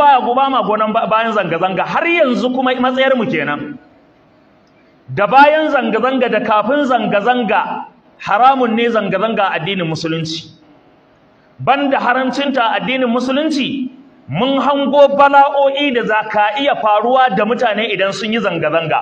ba ba ma gonan bayan zanga-zanga har yanzu kuma matsayar mu kenan da bayan zanga-zanga da kafin zanga-zanga haramun ne zanga-zanga a addinin musulunci banda haramcinta addinin musulunci mun hango bala'o'i da zaka iya faruwa da mutane idan sun yi zanga-zanga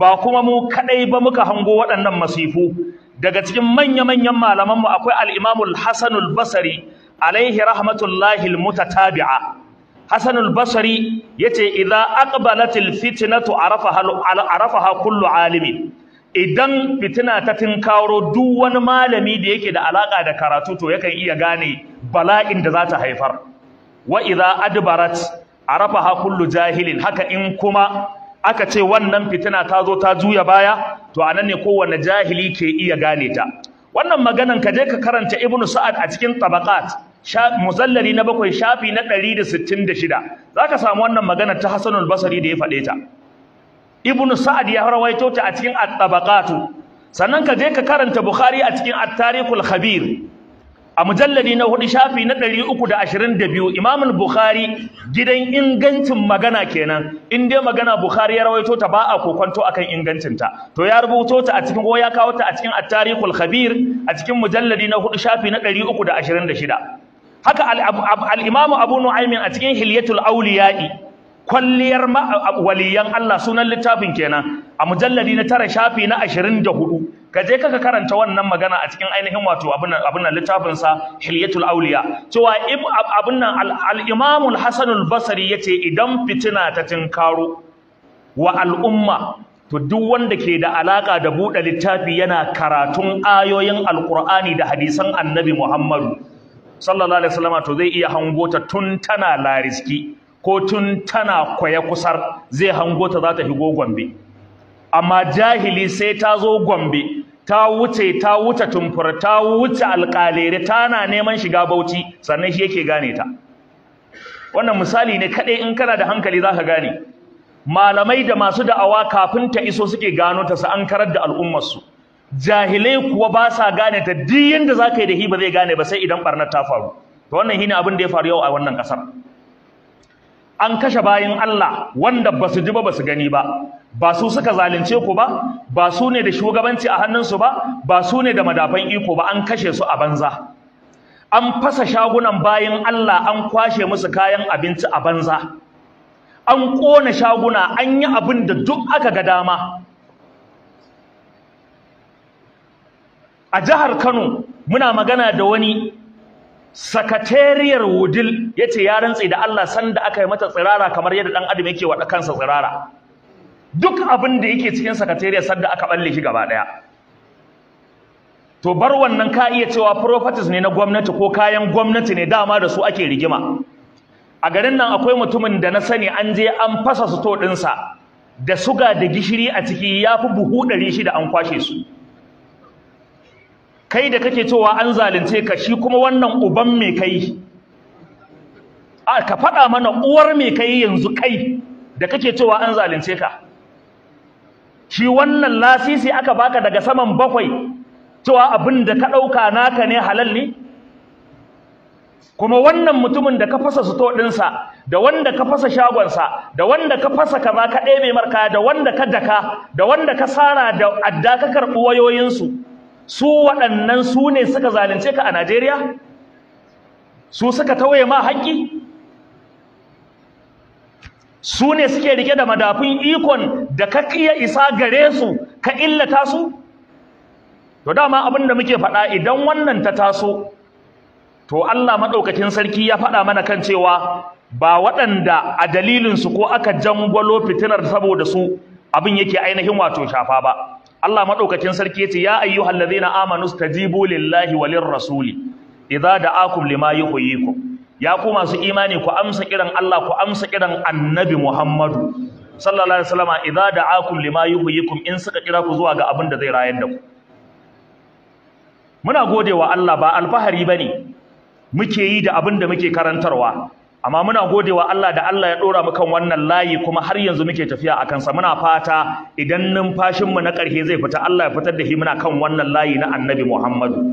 ba kuma mu kadai ba muka hango waɗannan masifu daga cikin manya-manyan malamanmu akwai al'imamul hassanul basari alaihi rahmatullahi mutatabi'a Hassan al-Basri yace idza aqbalatil fitnatu arafaha arafaha kullu idan fitina ta tinkaro duk wani malami da yake da alaka da karatu to yakan iya gane bala'in da za ta haifar wa idza adbarat arafaha kullu jahilin haka in kuma aka ce wannan fitina ta zo ta juya baya to anan ne kowanne jahili ke iya gane ta wannan maganan ka je ka karanta ibnu sa'ad a cikin tabaqat musallari na bakwai shafi na Za ka samu wannan magana ta Hassanul Basri da ya faɗe ta Ibn Sa'ad ya rawaito ta a cikin At-Tabaqatu sannan ka je ka karanta Bukhari a cikin At-Tarikhul Khabir a mujalladi na hudu shafi na ɗari uku da ashirin da biyu imamul bukhari gidan ingancin magana kenan in dai magana bukhari ya rawaito ta ba a kokonto akan ingancinta to ya rubuto ta a cikin ko ya kawo ta a cikin at-tarikhul khabir a cikin mujalladi na hudu shafi na ɗari uku da ashirin da shida haka alimamu imam abu a cikin hilyatul awliya'i kwalliyar waliyan Allah sunan littafin kenan a mujalladi na tara shafi na 24 ka je kaka karanta wannan magana a cikin ainihin wato abin nan Hilyatul auliya cewa abin nan al-Imam yace idan fitina ta tinkaro wa al'umma, to duk wanda ke da alaka da buɗe littafi yana karatun ayoyin alƙur'ani da hadisan annabi Muhammadu sallallahu alaihi wasallam to zai iya hango ta tun tana lariski ko tun tana kwaya kusar zai hango ta za ta higo gombe amma jahili sai ta zo gombe ta wuce ta wuce tumfura, ta wuce alƙalere tana neman shiga bauchi sannan shi yake gane ta wannan misali ne kaɗai in kana da hankali zaka gane malamai da masu da'awa kafin ta iso suke gano ta su an karar da al'ummarsu jahilai kuwa ba sa gane ta duk yanda zaka yi da hi ba zai gane ba sai idan barnar ta faru to wannan shine abin da ya faru yau a wannan kasar an kashe bayan Allah wanda ba su ji ba ba su gani ba ba su suka zalunce ku ba ba su ne da shugabanci a hannun su ba ba su ne da madafan iko ba an kashe su a banza an fasa shagunan bayan Allah an kwashe musu kayan abinci a banza an kona shaguna an yi abin da duk aka ga dama a jihar Kano muna magana da wani sakatariyar wudil ya ce ya rantse da Allah san da aka yi mata tsirara kamar yadda dan adam yake wada kansa tsirara duk abin da yake cikin sakatariyar sanda aka balle shi gaba ɗaya to bar wannan ka iya cewa properties ne na gwamnati ko kayan gwamnati ne dama da su ake rigima a garin nan akwai mutumin da na sani an je an fasa sito dinsa da suga da gishiri a ciki ya fi buhu ɗari shida an kwashe su kai da kake cewa an zalunce ka shi kuma wannan uban me kai ka faɗa mana uwar me kai yanzu kai da kake cewa an zalunce ka shi wannan lasisi aka baka daga saman bakwai cewa abin da ka ɗauka naka ne halal ne kuma wannan mutumin da ka fasa suto ɗinsa da wanda ka fasa shagonsa da wanda ka fasa kaza ka ɗebe marka da wanda ka daka da wanda ka sara da adda ka karɓi wayoyinsu su waɗannan su ne suka zalunce ka a Najeriya su suka tauye ma haƙƙi su ne suke rike da madafun ikon da ka kiya isa gare su ka illata su to dama abin da muke faɗa idan wannan ta taso to Allah maɗaukakin sarki ya faɗa mana kan cewa ba waɗanda a dalilinsu ko aka jangwalo fitinar saboda su abin yake ainihin wato shafa ba Allah maɗaukacin sarki ce ya ayyuhal ladzina amanu stajibu lillahi walir rasuli idza da'akum lima yuhyikum ya ku masu imani ku amsa kiran Allah ku amsa kiran annabi Muhammadu sallallahu alaihi wasallam idza da'akum lima yuhyikum in suka kira ku zuwa ga abin da zai rayar da ku muna godewa Allah ba alfahari bane muke yi da abin da muke karantarwa amma muna godewa Allah da Allah ya dora mu kan wannan layi kuma har yanzu muke tafiya a kansa muna fata idan numfashin mu na ƙarhe zai fita Allah ya fitar da shi muna kan wannan layi na Annabi Muhammadu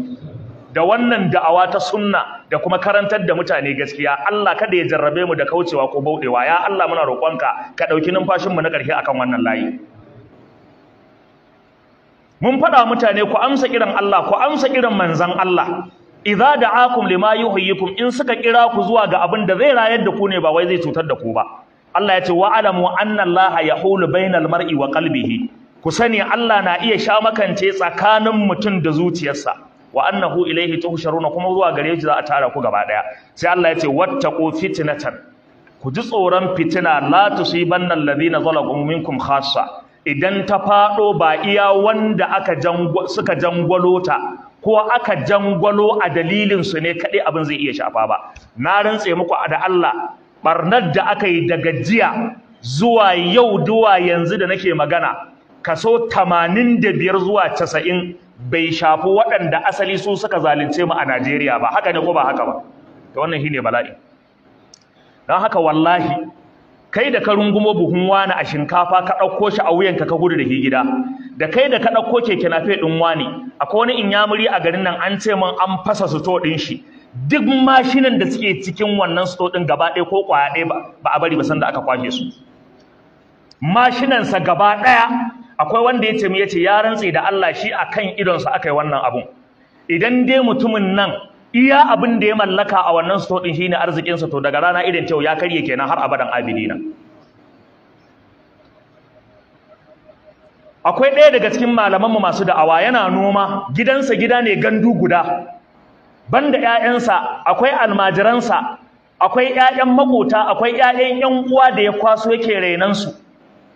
da wannan da'awa ta sunna da kuma karantar da mutane gaskiya Allah kada ya jarrabe mu da kaucewa ko baudewa ya Allah muna roƙonka ka dauki numfashin mu na ƙarhe akan wannan layi mun faɗa mutane ku amsa kiran Allah ku amsa kiran manzon Allah Iza da da'akum lima yuhyikum in suka kira ku zuwa ga abin da zai rayar da ku ne ba wai zai cutar da ku ba Allah ya ce wa alamu anna Allah yahulu bainal mar'i wa qalbihi ku sani Allah na iya sha makance tsakanin mutum da zuciyarsa wa annahu ilayhi tuhsharuna kuma zuwa gare shi za a tara ku gaba daya sai Allah ya ce ko fitnatan ku ji tsoron fitina la tusibanna alladhina zalamu minkum khassa idan ta faɗo ba iya wanda suka jangwalo ta ko aka jangwalo a dalilin su ne kaɗai abin zai iya shafa ba na rantse muku da Allah ɓarnar da aka yi daga jiya zuwa yau duwa yanzu da nake magana kaso 85 zuwa 90 bai shafi waɗanda asali su suka zalunce mu a Najeriya ba haka ne ko ba haka ba to wannan shine bala'i don haka wallahi kai da ka rungumo buhun wani a shinkafa ka ɗauko shi a wuyanka ka gudu da shi gida da kai da ka ɗauko keke nafe ɗin wani akwai wani inyamuri a garin nan an ce min an fasa sito ɗin shi duk mashinan da suke cikin wannan sito ɗin gaba ɗaya ko ƙwaya ɗaya ba a bari ba sanda aka kwashe su mashinansa gaba ɗaya akwai wanda ya ce mu ya ce ya rantse da Allah shi akan idonsa aka yi wannan abun idan dai mutumin nan iya abin da ya mallaka a wannan store din shine arzikin sa to daga rana idan tau ya karye kenan har abadan abidina akwai ɗaya daga cikin malamanmu masu da'awa yana noma gidansa gida ne gandu guda banda 'ya'yansa akwai almajiransa akwai 'ya'yan makota akwai 'ya'yan ƴan uwa da ya kwaso yake renan su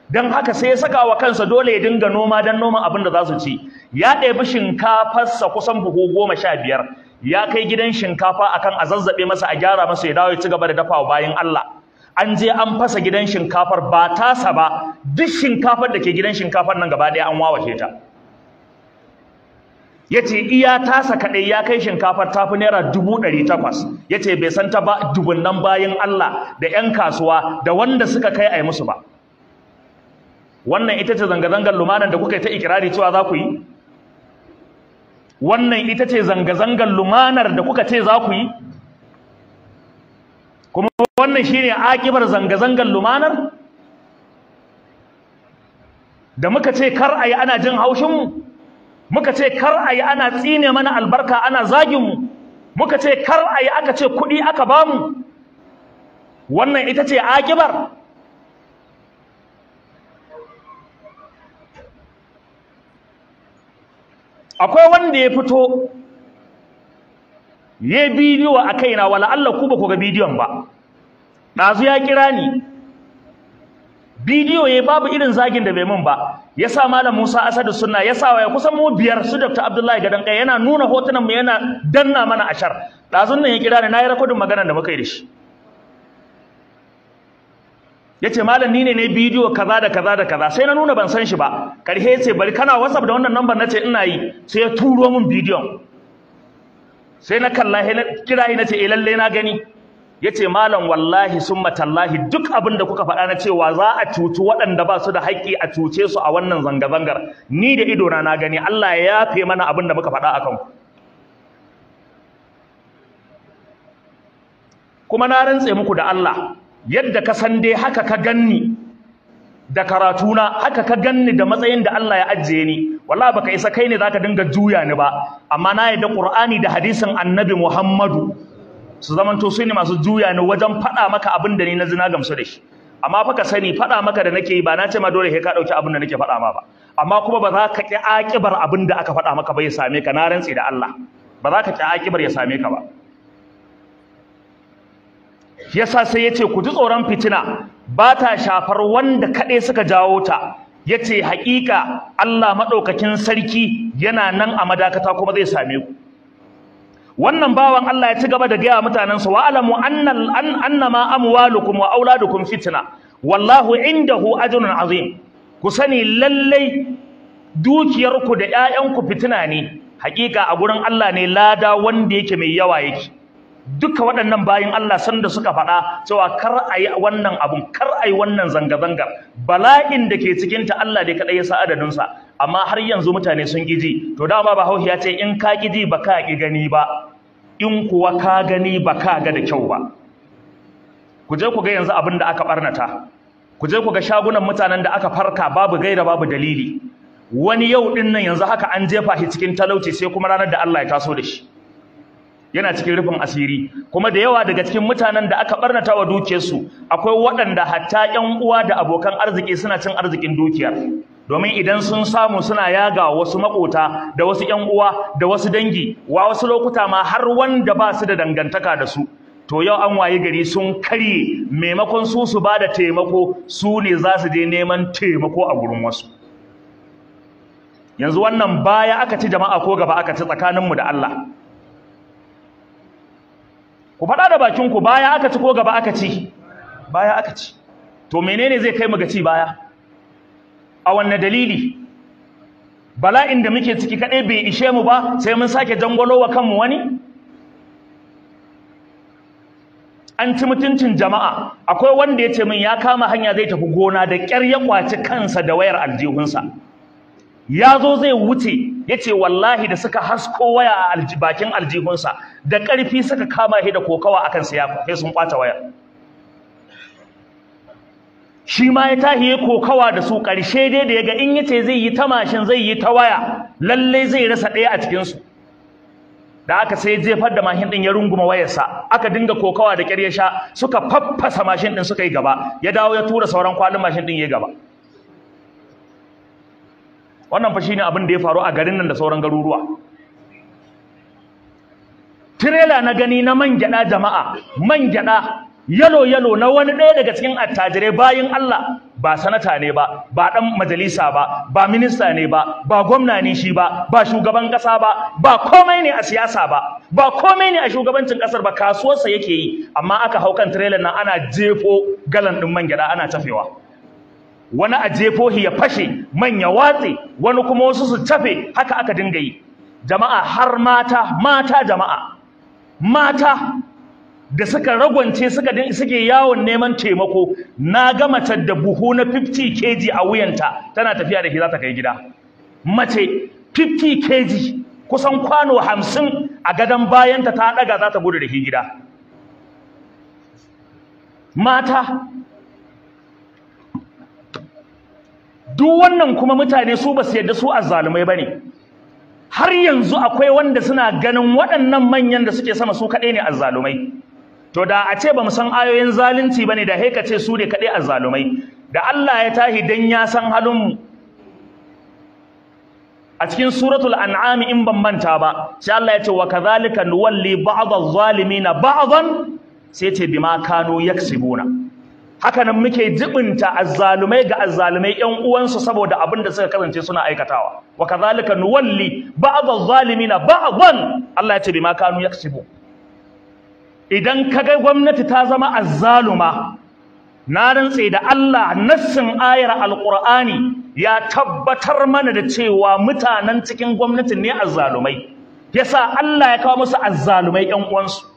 don haka sai ya saka wa kansa dole ya dinga noma don noman abin da za su ci ya ɗebi shinkafarsa kusan buhu goma sha biyar ya kai gidan shinkafa akan a zazzabe masa a gyara masa ya dawo ya ci gaba da dafawa bayan Allah an je an fasa gidan shinkafar ba tasa ba duk shinkafar da ke gidan shinkafar nan gaba ɗaya an wawace ta yace ce iya tasa kaɗai ya kai shinkafar ta fi naira dubu ɗari takwas ya bai san ta ba dubunnan bayan Allah da 'yan kasuwa da wanda suka kai ai musu ba wannan ita ce zanga-zangar lumanan da kuka yi ta ikirari cewa za ku yi wannan ita ce zanga-zangar lumanar da kuka ce za ku yi kuma wannan shi ne akibar zanga-zangar lumanar da muka ce kar a yi ana jin haushinmu muka ce kar a yi ana tsine mana albarka ana zaginmu muka ce kar a yi aka ce kuɗi aka bamu wannan ita ce akibar akwai wanda ya fito ya bidiyo a kaina wala Allah ku ba ku ga bidiyon ba ɗazu ya kira ni bidiyo ya babu irin zagin da bai mun ba ya sa malam Musa Asadu Sunna ya sa kusan mu biyar su Dr. Abdullahi Gadan kai yana nuna hotunan mu yana danna mana ashar ɗazun nan ya kira ni na yi rakodin maganar da muka yi da shi yace malam ni ne ne bidiyo kaza da kaza da kaza sai na nuna ban san shi ba karhe yace bari kana whatsapp da wannan number nace ina yi sai ya turo min bidiyon sai na kalla kira shi nace eh lalle na gani yace malam wallahi summa tallahi duk abin da kuka faɗa na cewa za a cuci waɗanda ba su da haƙƙi a cuce su a wannan zanga zangar ni da ido na na gani Allah ya yafe mana abin da muka faɗa akan ku kuma na rantse muku da Allah yadda ka san dai haka ka ganni da karatuna haka ka ganni da matsayin da Allah ya ajiye ni wallahi baka isa kai ne zaka dinga juya ni ba amma na yadda Qur'ani da hadisin Annabi Muhammadu su zamanto su ne masu juya ni wajen faɗa maka abin da ni na zina gamsu da shi amma fa ka sani faɗa maka da nake yi ba na ce ma dole sai ka ɗauki abin da nake faɗa ma ba amma kuma ba za ka ƙi aƙibar abin da aka faɗa maka ba ya same ka na rantse da Allah ba za ka ƙi aƙibar ya same ka ba yasa sai yace ku ji tsoron fitina ba ta shafar wanda kaɗai suka jawo ta yace haƙiƙa Allah maɗaukakin sarki yana nan a madakata kuma zai same ku wannan bawan Allah ya ci gaba da gaya mutanensa wa alamu annal an annama amwalukum wa auladukum fitna wallahu indahu ajrun azim ku sani lallai dukiyarku da ƴaƴanku fitina ne Haƙiƙa a gurin Allah ne lada wanda yake mai yawa yake duka waɗannan bayin Allah san da suka faɗa cewa kar a yi wannan abun kar ayi wannan zanga zanga bala'in da ke cikin ta Allah dai kaɗai ya sa adadinsa amma har yanzu mutane sun ƙiji to dama ba hauhi ya ce in ka ƙiji ba ka ƙi gani ba in kuwa ka gani ba ka ga da kyau ba ku je ku ga yanzu abin da aka ɓarnata ku je ku ga shagunan mutanen da aka farka babu gaira babu dalili wani yau ɗin nan yanzu haka an jefa shi cikin talauci sai kuma ranar da Allah ya taso da shi yana cikin rufin asiri kuma da yawa daga cikin mutanen da aka barnata wa dukiyarsu akwai waɗanda hatta ƴan uwa da abokan arziki suna cin arzikin dukiyar domin idan sun samu suna yaga wasu makota da wasu ƴan uwa da wasu dangi wa wasu lokuta ma har wanda ba su da dangantaka da su to yau an waye gari sun karye maimakon su su ba da taimako su ne za su je neman taimako a gurin wasu yanzu wannan baya aka ci jama'a ko gaba aka ci tsakaninmu da Allah ku faɗa da bakinku baya aka ci ko gaba aka ci baya aka ci to menene zai kai mu ga ci baya a wanne dalili bala'in da muke ciki kaɗai bai ishe mu ba sai mun sake jangwalo wa kanmu wani an ci mutuncin jama'a akwai wanda ya ce min ya kama hanya zai tafi gona da ƙyar ya kwaci kansa da wayar aljihunsa ya zo zai wuce Ya ce wallahi da suka hasko waya a bakin aljihunsa da ƙarfi suka kama shi da kokawa akan siya kai sun kwata waya shi ma ya tahiye kokawa da su ƙarshe dai da ga in ya ce zai yi tamashin zai yi ta waya lalle zai rasa ɗaya a cikinsu. da aka sai jefar da mashin ɗin ya runguma wayarsa aka dinga kokawa da ƙyar ya sha suka faffasa mashin ɗin suka yi gaba ya dawo ya tura sauran kwalin mashin ɗin ya gaba wannan fa shine abin da ya faru a garin nan da sauran garuruwa Tirela na gani na mangyada jama'a mangyada yalo yalo na wani ɗaya daga cikin attajirai bayin Allah ba sanata ne ba ba dan majalisa ba ba minista ne ba ba gwamna ne shi ba ba shugaban ƙasa ba ba komai ne a siyasa ba ba komai ne a shugabancin ƙasar ba kasuwarsa yake yi amma aka hau kan trailer nan ana jefo galan ɗin mangyada, ana tafewa wani a jefohi ya fashe man ya watse wani kuma wasu su tafe haka aka dinga yi jama'a har mata mata jama'a mata da suka ragwance suka suke yawon neman taimako na ga mace da buhu na 50 kg a wuyanta tana tafiya da shi za ta kai gida mace 50 kg kusan kwano 50 a gadon bayanta ta ɗaga za ta gudu da shi gida mata duk wannan kuma mutane su ba su yarda su azzalumai bane har yanzu akwai wanda suna ganin waɗannan manyan da suke sama su kaɗai ne azzalumai to da a ce ba mu san ayoyin zalunci ba ne da haika ce su ne kaɗai azzalumai da Allah ya tahi dan ya san mu a cikin suratul an'am in ban manta ba sai Allah ya ce wa kadhalika nuwalli az zalimin ba'dan sai ce bima kanu yaksibuna hakanan muke jibinta azzalumai ga azzalumai ƴan uwansu saboda abin da suka kasance suna aikatawa wa kadhalika nuwalli ba'd az-zalimina ba'dan Allah ya ce bima kanu yaksubu idan kaga gwamnati ta zama azzaluma na rantsa da Allah nassin ayar alqur'ani ya tabbatar mana da cewa mutanen cikin gwamnatin ne azzalumai yasa Allah ya kawo musu azzalumai ƴan uwansu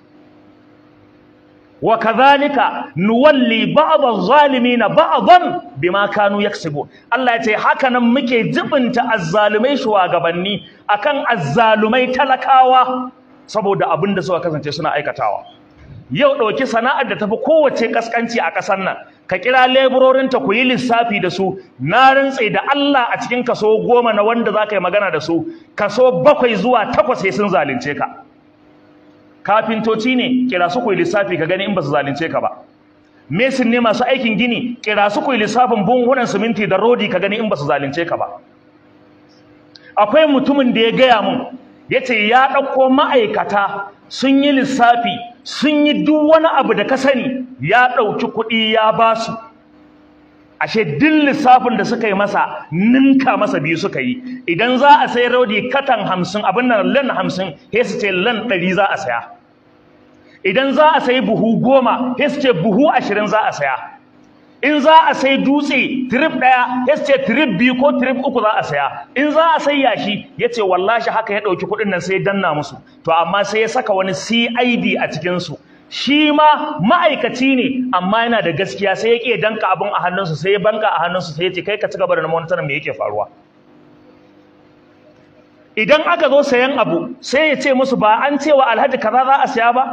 wa kazalika nuwalli ba'd az-zalimin ba'dan bima kanu yaksubu Allah ya ce haka nan muke jibinta azzalumai shugabanni akan azzalumai talakawa saboda abin da suka kasance suna aikatawa yau dauki sana'ar da tafi kowace kaskanci a kasar nan ka kira ta ku yi lissafi da su na rantse da Allah a cikin kaso goma na wanda zaka yi magana da su kaso bakwai zuwa takwas sai sun zalunce ka kafintoci ne kira su ku lissafi ka gani in ba su zalunce ka ba mesin ne masu aikin gini kira su ku lissafin bunhunan siminti da rodi ka gani in ba su zalunce ka ba akwai mutumin da ya gaya mun ya ce ya ɗauko ma'aikata sun yi lissafi sun yi duk wani abu da ka sani ya ɗauki kuɗi ya ba su ashe duk lissafin da suka yi masa ninka masa biyu suka yi idan za a sai rodi katan hamsin abin nan lan hamsin sai su ce lan ɗari za a saya idan za a sayi buhu goma hesce buhu ashirin za a saya in za a sai dutse trip ɗaya ya ce trip biyu ko trip uku za a saya in za a sai yashi ya ce wallashi haka ya ɗauki kuɗin nan sai ya danna musu to amma sai ya saka wani cid a cikinsu shi ma ma'aikaci ne amma yana da gaskiya sai ya ƙi danka abin a hannunsu sai ya banka a hannunsu sai ya ce kai ka ci gaba da monitorin me yake faruwa idan aka zo sayan abu sai ya ce musu ba an cewa alhaji kaza za a saya ba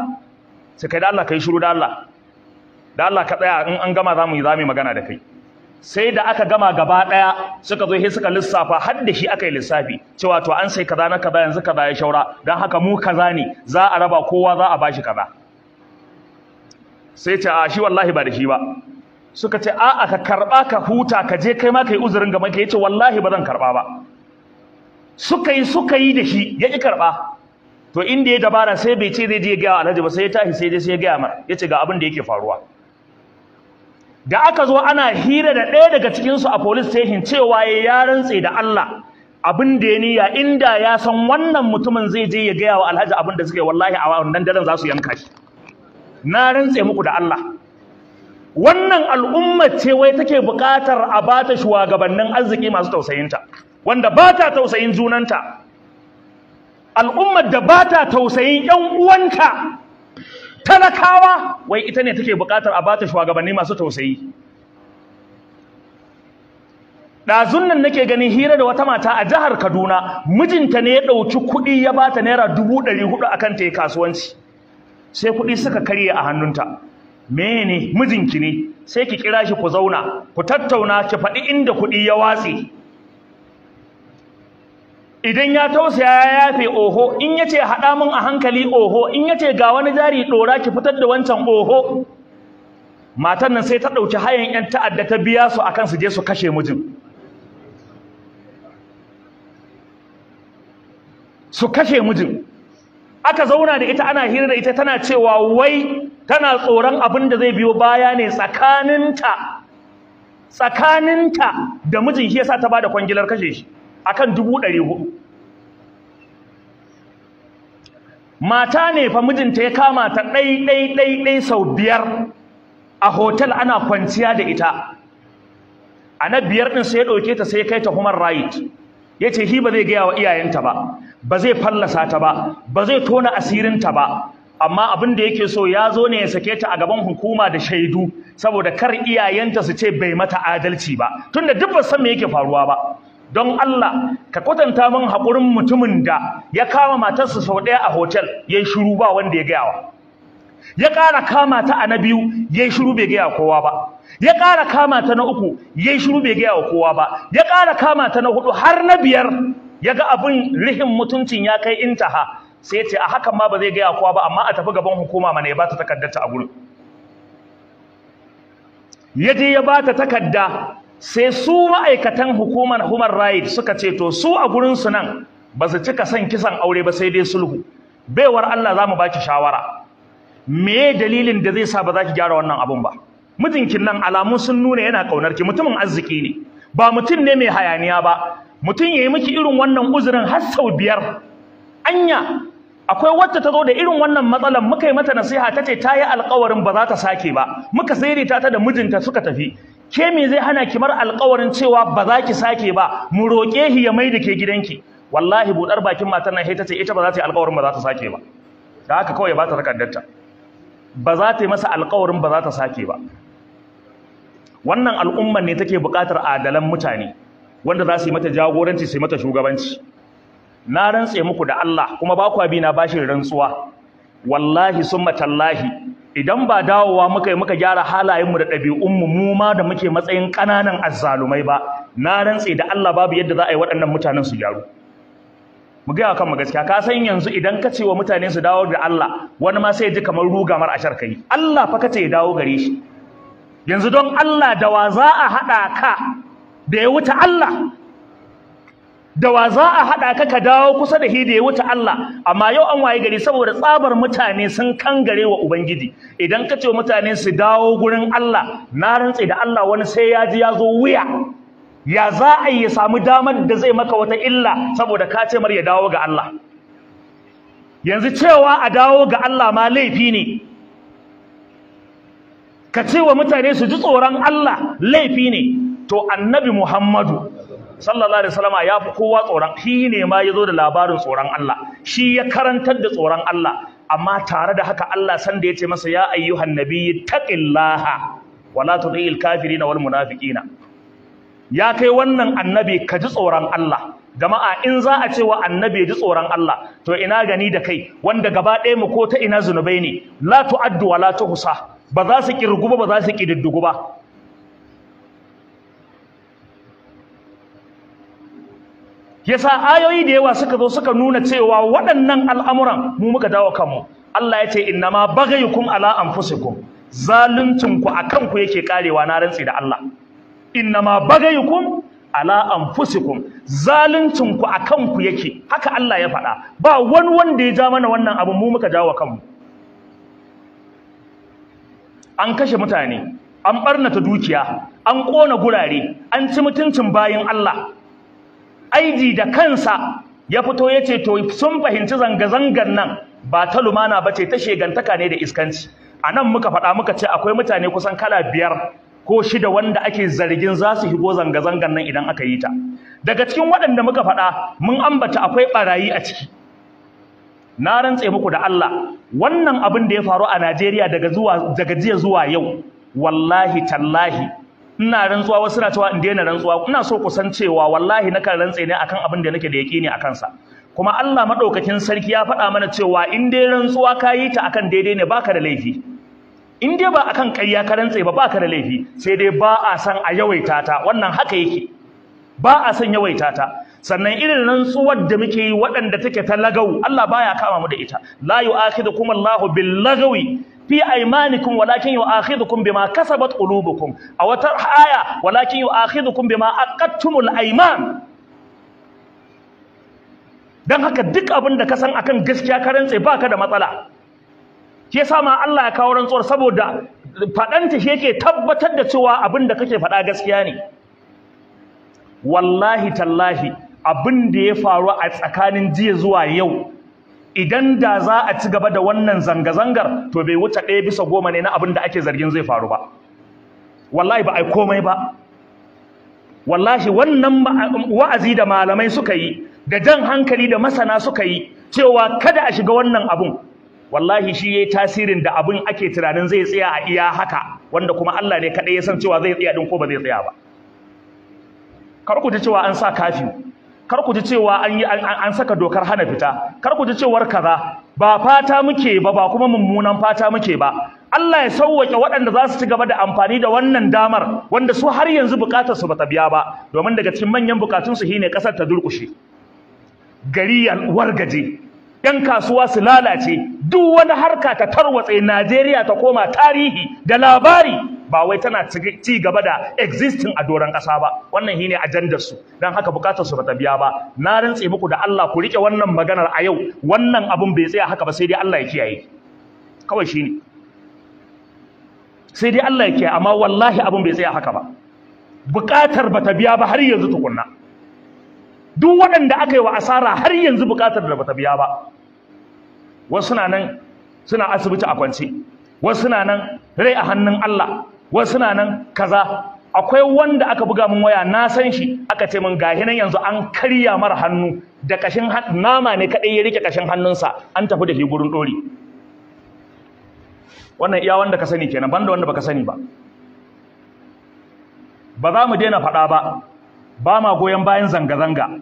sai kai da Allah kai shiru da Allah da Allah ka tsaya in an gama za mu yi za magana da kai sai da aka gama gaba ɗaya suka zo yi suka lissafa har da shi aka yi lissafi cewa to an sai kaza na kaza yanzu kaza ya shaura don haka mu kaza ne za a raba kowa za a bashi kaza sai ce a shi wallahi ba da shi ba suka ce a'a ka karɓa ka huta ka je kai ma kai uzurin gaban ka yace wallahi ba zan karba ba suka yi suka yi da shi ya ki karba to inda ya dabara sai bai ce zai je gaya Alhaji ba sai ya tashi sai dai sai ya ga ya yace ga abin da yake faruwa da aka zo ana hira da ɗaya daga cikin su a police station cewa ya rantse da Allah abin da ya niya inda ya san wannan mutumin zai je ya gaya wa Alhaji abin da suke wallahi a wannan daren za su yanka shi na rantse muku da Allah wannan al'umma ce wai take buƙatar a bata shugabannin arziki masu tausayinta wanda ba ta tausayin junanta al'ummar da ba ta tausayin ‘yan uwanta talakawa wai ita ne take bukatar a ba bata shugabanni masu tausayi ɗazun nan nake ganin hira da wata mata a jihar kaduna mijinta ne ya ɗauki kuɗi ya ba ta naira dubu ɗari hudu a kan ta yi kasuwanci sai kuɗi suka karye a hannunta mene mijinki ne sai ki kira shi ku zauna ku tattauna ki faɗi inda kuɗi ya watse idan ya tausaya ya yafe oho in yace haɗa mun a hankali oho in yace ga wani jari ɗora ki fitar da wancan oho matan nan sai ta ɗauki hayan 'yan ta'adda ta biya su akan su je su kashe mijin su kashe mijin aka zauna da ita ana hira da ita tana cewa wai tana tsoron abin da zai biyo baya ne tsakaninta tsakaninta da mijin shi yasa ta bada kwangilar kashe shi akan dubu ɗari hudu mata ne fa mijinta ya kama ta ɗai ɗai ɗai sau biyar a hotel ana kwanciya da ita a na biyar ɗin sai ya ɗauke ta sai ya kai ta human right ya ce hi ba zai gaya wa iyayenta ba ba zai fallasa ta ba ba zai tona ta ba amma abin da yake so ya zo ne ya sake ta a gaban hukuma da shaidu saboda kar iyayenta su ce bai mata adalci ba tunda duk ba san me yake faruwa ba don Allah ka kwatanta min haƙurin mutumin da ya kama matarsa sau ɗaya a hotel ya yi shiru ba wanda ya gayawa ya ƙara kama ta a na biyu ya yi shiru bai gaya kowa ba ya ƙara kama ta na uku ya yi shiru bai gaya kowa ba ya ƙara kama ta na hudu har na biyar ya ga abin rihin mutuncin ya kai intaha sai ce a hakan ma ba zai gaya kowa ba amma a tafi gaban hukuma mana ya ba ta a gurin ya je ya ba ta takarda sai su ma'aikatan hukumar human rights suka ce to su a gurinsu nan ba su cika son kisan aure ba sai dai sulhu baiwar Allah za mu baki shawara me dalilin da zai sa ba za ki gyara wannan abun ba mijinkin nan alamu sun nuna yana ƙaunar ki mutumin arziki ne ba mutum ne mai hayaniya ba mutum yayi miki irin wannan uzurin har sau biyar anya akwai wata ta zo da irin wannan matsalan muka yi mata nasiha ta ce ta yi alkawarin ba za ta sake ba muka sayarita ta da mijinta suka tafi ke me zai hana ki mar alƙawarin cewa ba za ki sake ba mu roƙe shi ya mai da ke gidanki wallahi buɗar bakin matar nan ta ce ita ba za ta yi alƙawarin ba za ta sake ba da haka kawai ba ta takardarta ba za ta yi masa alƙawarin ba za ta sake ba wannan al'umma ne take buƙatar adalan mutane wanda za su yi mata jagoranci su yi mata shugabanci na rantse muku da Allah kuma ba ku abina na bashin rantsuwa wallahi summa tallahi idan ba dawowa muka yi muka gyara halayenmu da ɗabi'unmu mu ma da muke matsayin ƙananan azzalumai ba na rantse da Allah babu yadda za a yi waɗannan mutanen su gyaru mu gaya kan mu gaskiya ka san yanzu idan ka ce wa mutane su dawo da Allah wani ma sai ya ji kamar rugamar ashar kai Allah fa ka kace ya dawo gare shi yanzu don Allah da wa za a haɗa ka da ya wuta Allah da wa za a haɗa ka ka dawo kusa da ya wuta Allah amma yau an waye gari saboda tsabar mutane sun kangare wa ubangiji idan ka ce mutane su dawo gurin Allah na rantse da Allah wani sai ya ji ya zo wuya ya za a yi samu damar da zai maka wata illa saboda ka ce mar ya dawo ga Allah yanzu cewa a dawo ga Allah ma laifi ne ka ce wa mutane su ji tsoron Allah laifi ne to annabi Muhammadu sallallahu alaihi wasallama ya fi kowa tsoron shi ne ma ya zo da labarin tsoron Allah shi ya karantar da tsoron Allah amma tare da haka Allah san da ya ce masa ya ayyuhan nabiyyi taqillaha wala tudil kafirina wal munafiqina ya kai wannan annabi ka ji tsoron Allah jama'a in za a ce wa annabi ji tsoron Allah to ina gani da kai wanda gaba ɗaya mu ko ta ina zunubai ne la tu'addu wa la tuhsa ba za su kirgu ba ba za su kididdigu ba yasa ayoyi da yawa suka zo suka nuna cewa waɗannan al'amuran mu muka dawo kanmu Allah ya ce inna ma bagayukum ala anfusikum zaluncin ku akan ku yake ƙarewa na rantsi da Allah inna ma bagayukum ala anfusikum zaluncin ku akan ku yake haka Allah ya faɗa ba wani wanda ya ja mana wannan abu mu muka dawo kanmu an kashe mutane an ɓarnata dukiya an ƙona gurare an ci mutuncin bayin Allah aiji da kansa ya fito ya ce to sun fahimci zanga-zangar nan ba ta lumana ba ce ta shegantaka ne da iskanci a nan muka faɗa muka ce akwai mutane kusan kala biyar ko shida wanda ake zargin za su shigo zanga-zangar nan idan aka yi ta daga cikin waɗanda muka faɗa mun ambata akwai ɓarayi a ciki na rantse muku da Allah wannan abin da ya faru a Najeriya daga zuwa daga jiya zuwa yau wallahi tallahi ina rantsuwa wasu na cewa in daina rantsuwa ina so ku san cewa wallahi na kan rantse ne akan abin da nake da yaƙini akan sa kuma Allah madaukakin sarki ya faɗa mana cewa in dai rantsuwa ka yi ta akan daidai ne baka da laifi in dai ba akan ƙarya ka rantse ba baka da laifi sai dai ba a san a yawaita ta wannan haka yake ba a san yawaita ta sannan irin rantsuwar da muke yi waɗanda take ta lagau Allah baya kama mu da ita la yu'akhidukum Allahu bil lagawi fi aymanikum walakin yu'akhidhukum bima kasabat qulubukum a wata aya walakin yu'akhidhukum bima aqattumul ayman dan haka duk abin da ka san akan gaskiya ka rantse baka da matsala Ke yasa ma Allah ya kawo rantsuwar saboda fadanta shi yake tabbatar da cewa abinda kake fada gaskiya ne wallahi tallahi abin da ya faru a tsakanin jiya zuwa yau idan da za a ci gaba da wannan zanga-zangar to bai wuce ɗaya bisa goma ne na abin da ake zargin zai faru ba wallahi ba a yi komai ba wallahi wannan wa'azi da malamai suka yi da jan hankali da masana suka yi cewa kada a shiga wannan abun wallahi shi yayi tasirin da abun ake tunanin zai tsaya a iya haka wanda kuma Allah ne kaɗai ya san cewa zai tsaya din ko ba zai tsaya ba kar ku ta cewa an sa kafiyu kar ku ji cewa an yi an saka dokar hana fita kar ku ji cewar kaza ba fata muke ba ba kuma mummunan fata muke ba Allah ya sauwake waɗanda za su ci gaba da amfani da wannan damar wanda su har yanzu bukatar su bata biya ba domin daga cikin manyan bukatun su shine kasar ta durkushe gari ya wargaje yan kasuwa su lalace duk wani harka ta tarwatse Najeriya ta koma tarihi da labari ba wai tana ci gaba da existing a doron ƙasa ba wannan shine ajandar su dan haka bukatar su bata biya ba na rantse muku da Allah ku rike wannan maganar a yau wannan abun bai tsaya haka ba sai dai Allah ya kiyaye kawai shine sai dai Allah ya kiyaye amma wallahi abun bai tsaya haka ba bukatar bata biya ba har yanzu tukunna duk waɗanda aka yi wa asara har yanzu bukatar da bata biya ba wasu na nan suna asibiti a kwance wasu na nan rai a hannun Allah wasu na nan kaza akwai wanda aka buga min waya na san shi aka ce min gahi nan yanzu an karya mara hannu da kashin nama ne kadai ya rike kashin hannunsa an tafi da shi gurin dori wannan iya wanda ka sani kenan banda wanda baka sani ba ba za mu daina faɗa ba ba ma goyon bayan zanga-zanga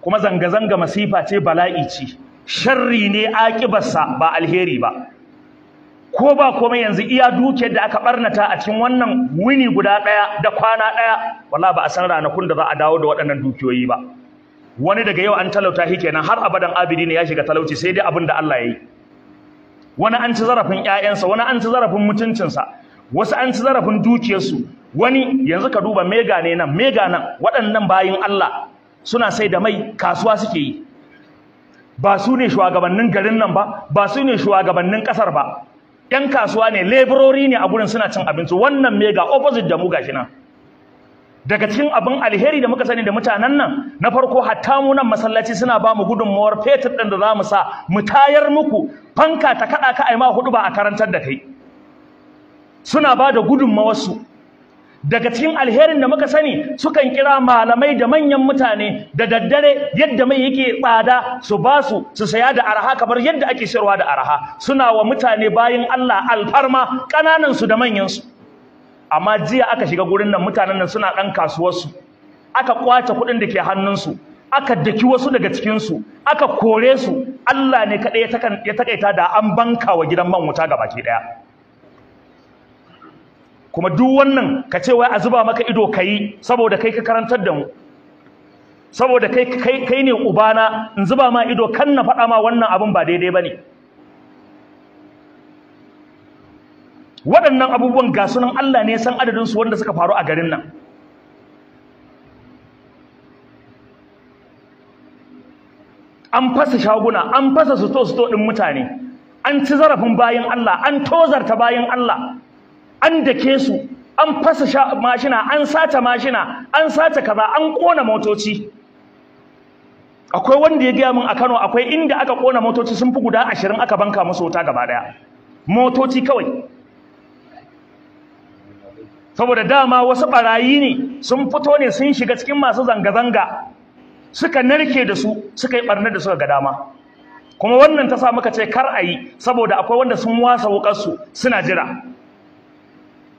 kuma zanga-zanga masifa ce bala'i ce sharri ne aƙibarsa ba alheri ba ko ba komai yanzu iya dukiyar da aka barnata a cikin wannan wuni guda ɗaya da kwana ɗaya wallahi ba a san ranakun da za a dawo da waɗannan dukiyoyi ba wani daga yau an talauta shi nan, har abadan abidi ne ya shiga talauci sai dai abin da Allah ya yi wani an ci zarafin ƴaƴansa wani an ci zarafin mutuncinsa wasu an ci zarafin dukiyarsu wani yanzu ka duba mega ne nan mega nan waɗannan bayin Allah suna sai da mai kasuwa suke yi ba su ne shugabannin garin nan ba ba su ne shugabannin ƙasar ba yan kasuwa ne laborori ne a gurin suna cin abinci wannan mega opposite da mu gashi nan daga cikin abin alheri da muka sani da mutanen nan na farko hatta mu nan masallaci suna ba mu gudunmawar fetur ɗin da za mu sa mu tayar muku fanka ta kaɗa ka aima hudu ba a karantar da kai suna ba da gudunmawarsu daga cikin alherin da muka sani sukan kira malamai da manyan mutane da daddare yadda mai yake tsada su ba su su saya da araha kamar yadda ake sayarwa da araha suna wa mutane bayan Allah alfarma kananan su da manyan su amma jiya aka shiga gurin nan mutanen nan suna dan kasuwar su aka kwace kuɗin da ke hannun su aka daki wasu daga cikin su aka kore su Allah ne kadai ya takaita da an banka wa gidan man wuta gabaki daya kuma duk wannan ka ce wai a zuba maka ido ka yi saboda kai ka karantar da mu saboda kai kai ne ubana in zuba ma ido kan na faɗa ma wannan abin ba daidai bane waɗannan abubuwan ga sunan Allah ne san adadin wanda suka faru a garin nan an fasa shaguna an fasa su to ɗin mutane an ci zarafin bayan Allah an tozarta bayan Allah an dake su an fasa mashina an sata mashina an sata kaza an kona motoci akwai wanda ya gaya min a Kano akwai inda aka kona motoci sun fi guda ashirin aka banka musu wuta gaba daya motoci kawai saboda dama wasu ɓarayi ne sun fito ne sun shiga cikin masu zanga-zanga suka narke da su suka yi barna da suka ga dama kuma wannan ta sa muka ce kar a yi saboda akwai wanda sun wasa wukarsu suna jira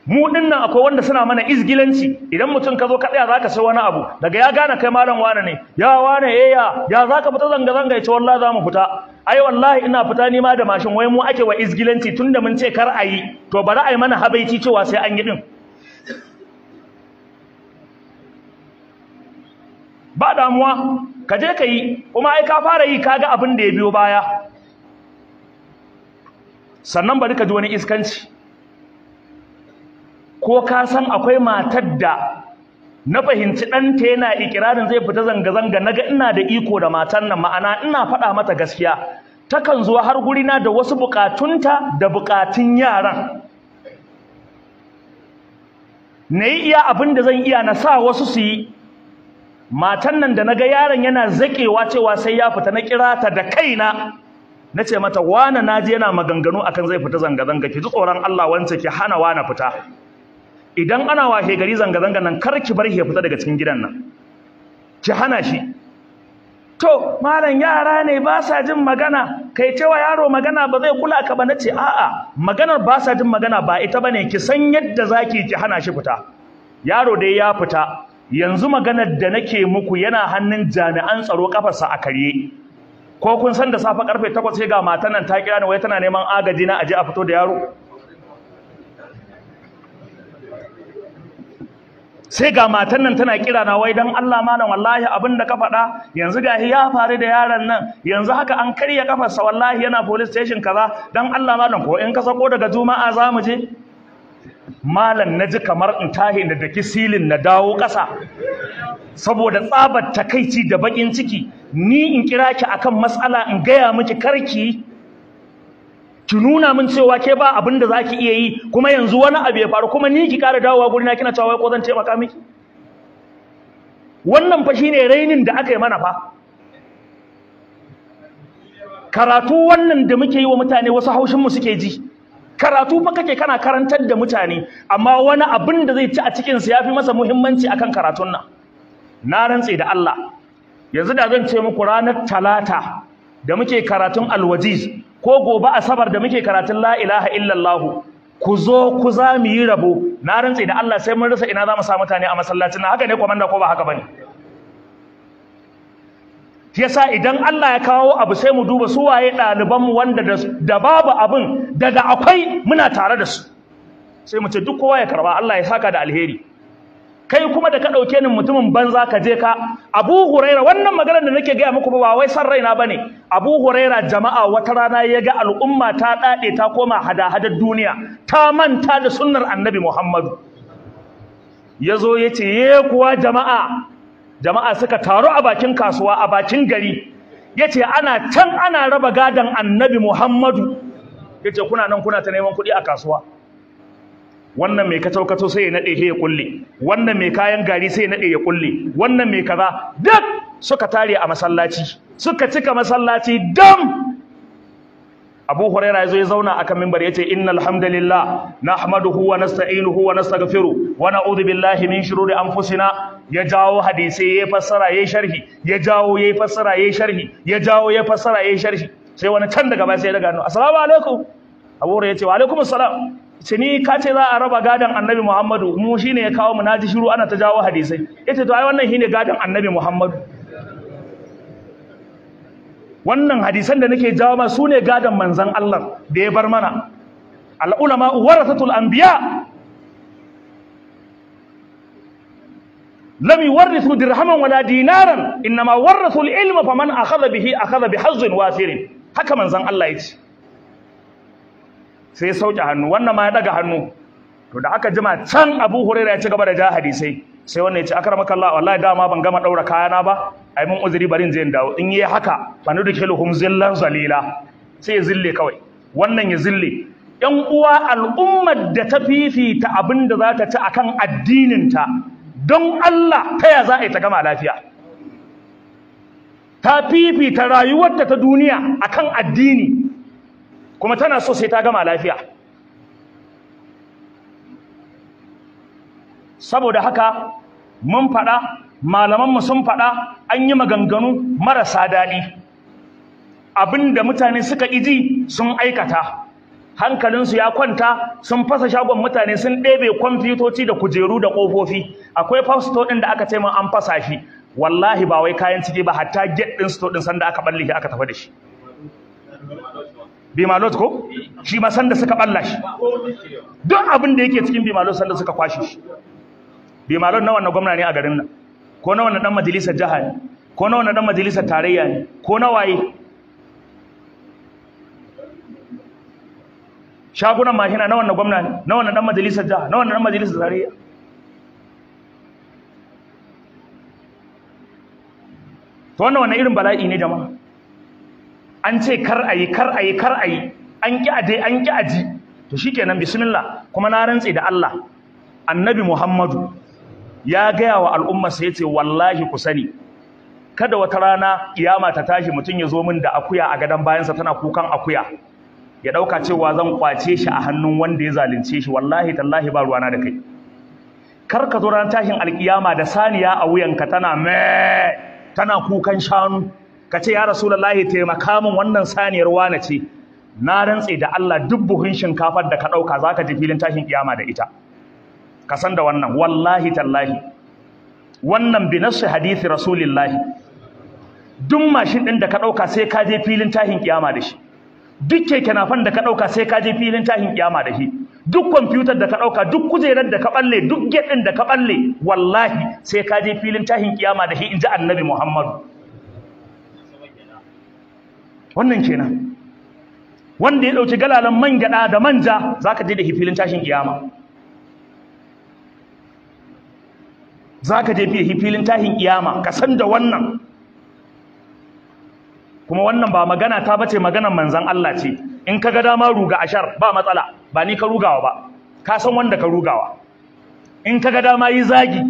mu dinnan akwai wanda suna mana izgilanci idan mutum ka zo ka tsaya zaka sai wani abu daga ya gane kai malam wane ne ya wane eh ya ya zaka fita zanga zanga ya ce wallahi zamu fita ai wallahi ina fita ni ma da mashin wai mu ake wa izgilanci tunda mun ce kar ayi to bari ai mana habaici cewa sai an yi din ba damuwa ka je ka yi kuma ai ka fara yi ka ga abin da ya biyo baya sannan bari ka ji wani iskanci ko ka san akwai matar da na fahimci ɗanta yana ikirarin zai fita zanga-zanga na ga ina da iko da matan nan ma'ana ina faɗa mata gaskiya takan zuwa har gurina da wasu buƙatunta da bukatun yaran na yi iya abin da zan iya na sa wasu su yi matan nan da na ga yaron yana zaƙewa cewa sai ya fita na kira ta da kaina na ce mata wane na ji yana maganganu akan zai fita zanga-zanga ki ji tsoron Allah wance ki hana wane fita idan ana washe gari zanga-zanga nan kar ki bar ya fita daga cikin gidan nan ki hana shi to malam yara ne ba sa jin magana kai cewa yaro magana ba zai kula ka ba nace ce a'a maganar ba sa jin magana ba ita bane ki san yadda zaki ki hana shi fita yaro dai ya fita yanzu maganar da nake muku yana hannun jami'an tsaro kafarsa a karye ko kun san da safe karfe 8 sai ga matan nan ta kira ni wai tana neman agaji na aje a fito da yaro sai ga matan nan tana kira na wai dan Allah malam wallahi abin da ka faɗa yanzu gahi ya faru da yaron nan yanzu haka an karya kafarsa wallahi yana police station kaza dan Allah malam ko in ka sako daga juma'a za mu je malam na ji kamar in tahi da daki silin na dawo ƙasa saboda tsabar takaici da baƙin ciki ni in kira ki akan matsala in gaya miki karki ki nuna min cewa ke ba abin da zaki iya yi kuma yanzu wani abu ya faru kuma ni ki ƙara dawowa gurina kina cewa wai ko zan taimaka miki wannan fa shine rainin da aka yi mana fa karatu wannan da muke yi wa mutane wasu haushin mu suke ji karatu fa kake kana karantar da mutane amma wani abin da zai ci a cikin sa yafi masa muhimmanci akan karatun nan na rantse da Allah yanzu da zan ce muku ranar talata da muke karatun alwajiz ko gobe asabar da muke karatun la ilaha illallah ku zo ku za mu yi rabo na rantse da Allah sai mun rasa ina za mu sa mutane a masallacin haka ne komanda ko ba haka bane yasa idan Allah ya kawo abu sai mu duba su waye ɗaliban mu wanda da babu abin daga akwai muna tare da su sai mu ce duk kowa ya karba Allah ya saka da alheri kai kuma da ka ɗauke ni mutumin banza ka je ka Abu Huraira wannan maganar da nake gaya muku ba wai san raina bane Abu Huraira jama'a wata rana ya ga al'umma ta dade ta koma hada-hadar duniya ta manta da sunnar Annabi Muhammadu yazo yace ye kuwa jama'a jama'a suka taru a bakin kasuwa a bakin gari yace ana can ana raba gadon Annabi Muhammadu yace kuna nan kuna ta neman kuɗi a kasuwa wannan mai kacau kacau sai ya nade ya kulle wannan mai kayan gari sai ya nade ya kulle wannan mai kaza duk suka tare a masallaci suka cika masallaci dam Abu Huraira zo ya zauna akan alhamdulillah. Na Ahmadu huwa na sa'inu huwa na nastaghfiruh Wani a'udu billahi min shiru da anfusina ya jawo Hadisai ya fassara ya sharhi ya jawo ya fassara ya sharhi ya jawo ya fassara ya sharhi sai wani can daga baya sai ya daga hannu assalamu alaikum Abu Huraira yace wa alaikumus salam ce ka ce za a raba gadon annabi muhammadu mu shi ne ya kawo mu naji shiru ana ta jawo hadisai ya ce to ai wannan shi ne gadon annabi muhammadu wannan hadisan da nake jawo ma su ne gadon manzan allah da ya bar mana al'ulama warasatul anbiya lam yuwarrisu dirhaman wala dinaran innama warrasul ilma faman akhadha bihi akhadha bihazzin wasirin haka manzan allah yace sai sauke hannu wannan ma ya daga hannu to da aka jima can Abu Hurairah ya ci gaba da ja hadisai sai wannan ya ce akramaka Allah wallahi dama ban gama daura kayana ba ai mun uzuri barin zai dawo in yi haka da nudkhiluhum zillan zalila sai ya zille kawai wannan ya zille yan uwa al'ummar da ta fifita abin da za ta ci akan addininta don Allah ta ya za a yi ta gama lafiya ta fifita rayuwarta ta duniya akan addini kuma tana so sai ta gama lafiya saboda haka mun faɗa malamanmu sun faɗa an yi maganganu marasa daɗi abinda mutane suka iji sun aikata hankalinsu ya kwanta sun fasa shagon mutane sun ɗebe kwamfutoci da kujeru da ƙofofi akwai fasto ɗin da aka ce min an fasa shi wallahi ba wai kayan ciki ba hatta get ɗin sto ɗin sanda aka ɓalle aka tafi da shi bimalot ko shi ma sanda suka balla shi don abin da yake cikin bimalot sanda suka kwashe shi bimalot na wannan gwamna ne a garin nan ko na wannan dan majalisar jiha ne ko na wannan dan majalisar tarayya ne ko na waye shagunan mahina na wannan gwamna ne na wannan dan majalisar jiha na wannan dan majalisar tarayya to wannan wannan irin bala'i ne jama'a an ce kar a yi kar a yi kar a yi an ƙi ade an ƙi aji to shi shikenan bismillah kuma na rantse da Allah annabi Muhammadu ya gaya wa al'ummarsa ya ce wallahi ku sani kada wata rana kiyama ta tashi mutum ya zo min da akuya a gadon bayansa tana kukan akuya ya ɗauka cewa zan kwace shi a hannun wanda ya zalunce shi wallahi tallahi ba ruwana da kai kar ka zo ran tashin alkiyama da saniya a wuyanka tana me tana kukan shanu ka ce ya rasulullahi taimaka min wannan saniyar wane ce na rantse da Allah duk buhun shinkafar da ka ɗauka za ka ji filin tashin kiyama da ita ka san da wannan wallahi tallahi wannan bi nasu hadisi rasulillahi duk mashin ɗin da ka ɗauka sai ka je filin tashin kiyama da shi duk keke nafan da ka ɗauka sai ka je filin tashin kiyama da shi duk kwamfutar da ka ɗauka duk kujerar da ka ɓalle duk gate din da ka ɓalle wallahi sai ka je filin tashin kiyama da shi in ji annabi muhammadu wannan kenan wanda ya dauki galalan man gada da manja zaka je da hifilin tashin kiyama zaka je filin tashin kiyama ka san da wannan kuma wannan ba magana ta bace maganan manzon Allah ce in ka ga dama ruga ashar ba matsala ba ni ka rugawa ba ka san wanda ka rugawa in ka ga dama yi zagi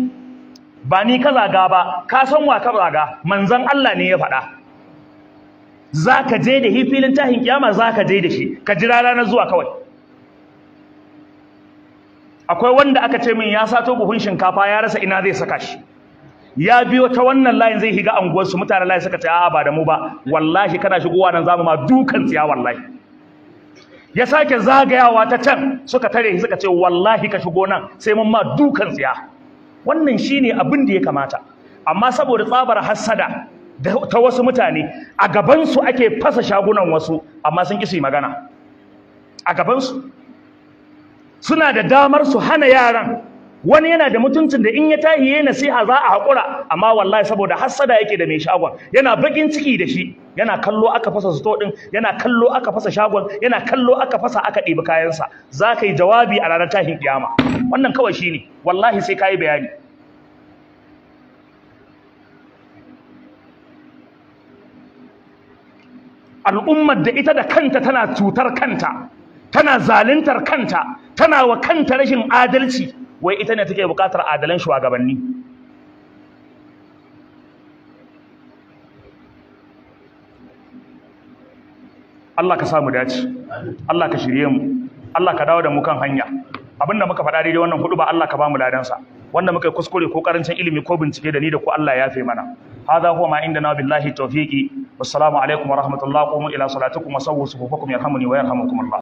ba ni ka zaga ba ka san wa ka zaga manzon Allah ne ya faɗa za ka je da shi filin tahin kiyama za ka je da shi ka jira ranar zuwa kawai akwai wanda aka ce min ya sato buhun shinkafa ya rasa ina zai saka shi ya biyo ta wannan layin zai higa anguwarsu mutane layin suka ce a'a ba da mu ba wallahi kana shigowa nan zamu ma dukan tsiya wallahi ya sake zagayawa ta can suka tare shi suka ce wallahi ka shigo nan sai mun ma dukan tsiya wannan shine abin da ya kamata amma saboda tsabar hassada ta wasu mutane a gabansu ake fasa shagunan wasu amma sun kisi magana a gabansu suna da damar su hana yaran wani yana da mutuncin da in ya tahi yayin nasiha za a hakura amma wallahi saboda hassada yake da mai shagon yana bakin ciki da shi yana kallo aka fasa sto din yana kallo aka fasa shagon yana kallo aka fasa aka ɗebi kayansa za ka yi jawabi a ranar tahin kiyama wannan kawai shine wallahi sai ka bayani al'ummar da ita da kanta tana cutar kanta tana zaluntar kanta tana wa kanta rashin adalci wai ita ne take buƙatar adalan shugabanni Allah ka samu dace Allah ka shirye mu Allah ka dawo da mu kan hanya abinda muka faɗa daidai wannan hudu ba Allah ka ba mu ladansa wanda muka kuskure ko karancin ilimi ko bincike da ni da ku Allah ya yafe mana هذا هو ما عندنا بالله توفيقي والسلام عليكم ورحمة الله قوموا إلى صلاتكم وسووا صفوفكم يرحمني ويرحمكم الله